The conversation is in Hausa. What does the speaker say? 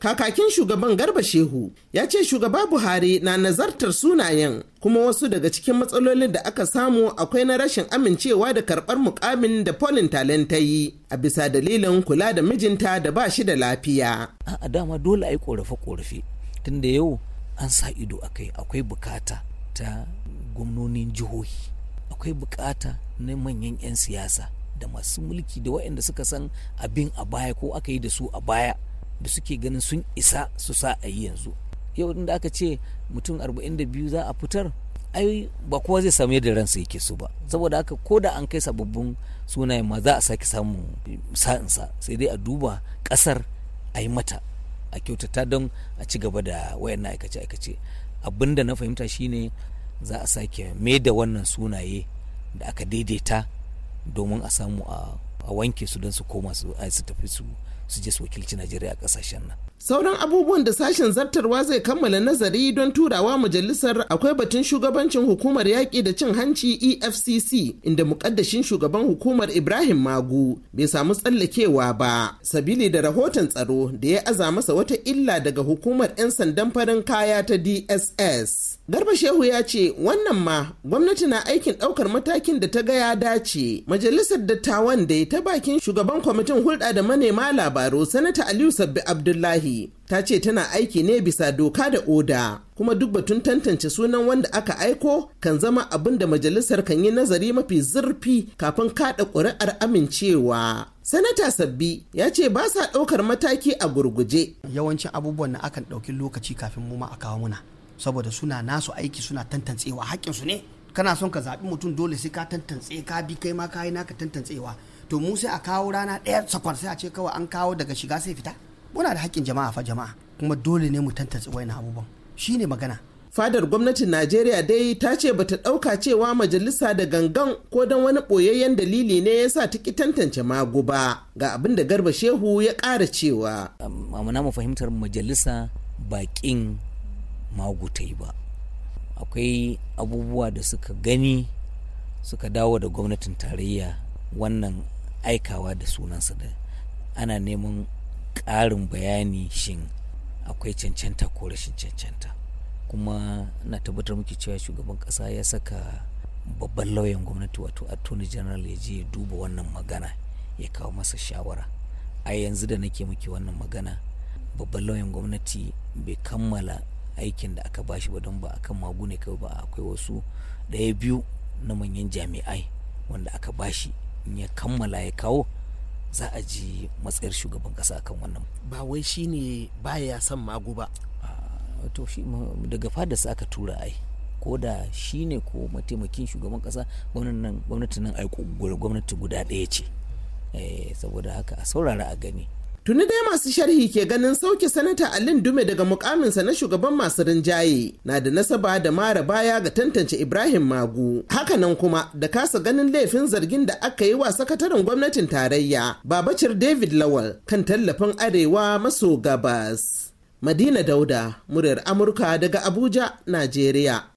kakakin shugaban garba shehu ya ce shugaba buhari na nazartar sunayen kuma wasu daga cikin matsalolin da aka samu akwai na rashin amincewa da karbar mukamin da polin talenta yi a bisa dalilin kula da mijinta da ba shi da lafiya a dama dole a yi korafe korafe da yau an sa ido akai akwai bukata ta gwamnonin jihohi akwai bukata na manyan 'yan siyasa da masu mulki da waɗanda suka san abin a baya ko aka yi da su a baya da suke ganin sun isa su sa a yi yanzu yau da aka ce mutum 42 za a fitar ai ba kowa zai samu yadda ransa yake so ba saboda haka ko da an kai sababbin sunayen ma za a sake samu sa'insa sai dai a duba kasar a yi mata a kyautata don a ci gaba da wayan aikace-aikace abin da na fahimta shine za a sake mai da wannan sunaye da aka daidaita domin a samu a wanke su don su koma su tafi su su je su wakilci najeriya a kasashen nan sauran abubuwan da sashen zartarwa zai kammala nazari don turawa majalisar akwai batun shugabancin hukumar yaƙi da cin hanci efcc inda mukaddashin shugaban hukumar ibrahim magu bai samu tsallakewa ba sabili da rahoton tsaro da ya aza masa wata illa daga hukumar 'yan sandan farin kaya ta dss garba shehu ya ce wannan ma gwamnati na aikin ɗaukar matakin da ta ga ya dace majalisar dattawan da ta bakin shugaban kwamitin hulɗa da manema labaru sanata aliyu sabbi abdullahi Buhari ta ce tana aiki ne bisa doka da oda kuma duk batun tantance sunan wanda aka aiko kan zama abin da majalisar kan yi nazari mafi zurfi kafin kada ƙuri'ar amincewa. Sanata Sabbi ya ce ba sa ɗaukar mataki a gurguje. Yawancin abubuwan na akan ɗauki lokaci kafin mu a kawo muna saboda suna nasu aiki suna tantancewa haƙƙinsu ne. Kana son ka zaɓi mutum dole sai ka tantance ka bi kai ma ka yi naka tantancewa. to mu sai a kawo rana ɗaya sakwar sai a ce kawai an kawo daga shiga sai fita muna da haƙƙin jama'a fa jama'a kuma dole ne mu tantance wayan abubuwan shine magana fadar gwamnatin najeriya dai ta ce bata ɗauka cewa majalisa da gangan ko don wani ɓoyayyen dalili ne ya sa ki tantance magu ba ga abin da garba shehu ya ƙara cewa amana mu fahimtar majalisa baƙin magu ta yi ba akwai abubuwa da suka gani suka dawo da gwamnatin tarayya wannan aikawa da sunansa da ana neman ƙarin bayani shin akwai cancanta ko rashin cancanta kuma na tabbatar muke cewa shugaban ƙasa ya saka babban lauyan gwamnati wato attorney general ya je ya duba wannan magana ya kawo masa shawara a yanzu da nake muke wannan magana babban lauyan gwamnati bai kammala aikin da aka bashi ba don ba akan magu ne kawai ba akwai wasu ɗaya biyu na manyan jami'ai wanda aka bashi in ya kammala ya kawo za a ji matsayar shugaban kasa kan wannan ba wai shi ne baya son magu ba to shi daga sa aka tura ai ko da shi ne ko mataimakin shugaban kasa gwamnatin nan aiko gwamnati guda ɗaya ce eh, saboda haka a saurara a gani Tuni dai masu sharhi ke ganin sauke sanata Alin Dume daga mukaminsa na shugaban masu rinjaye na da nasaba da mara baya ga tantance Ibrahim Magu. Hakanan kuma da kasa ganin laifin zargin da aka yi wa sakataren gwamnatin tarayya Babacir David Lawal kan tallafin Arewa maso gabas. Madina Dauda, muryar Amurka daga Abuja, Najeriya.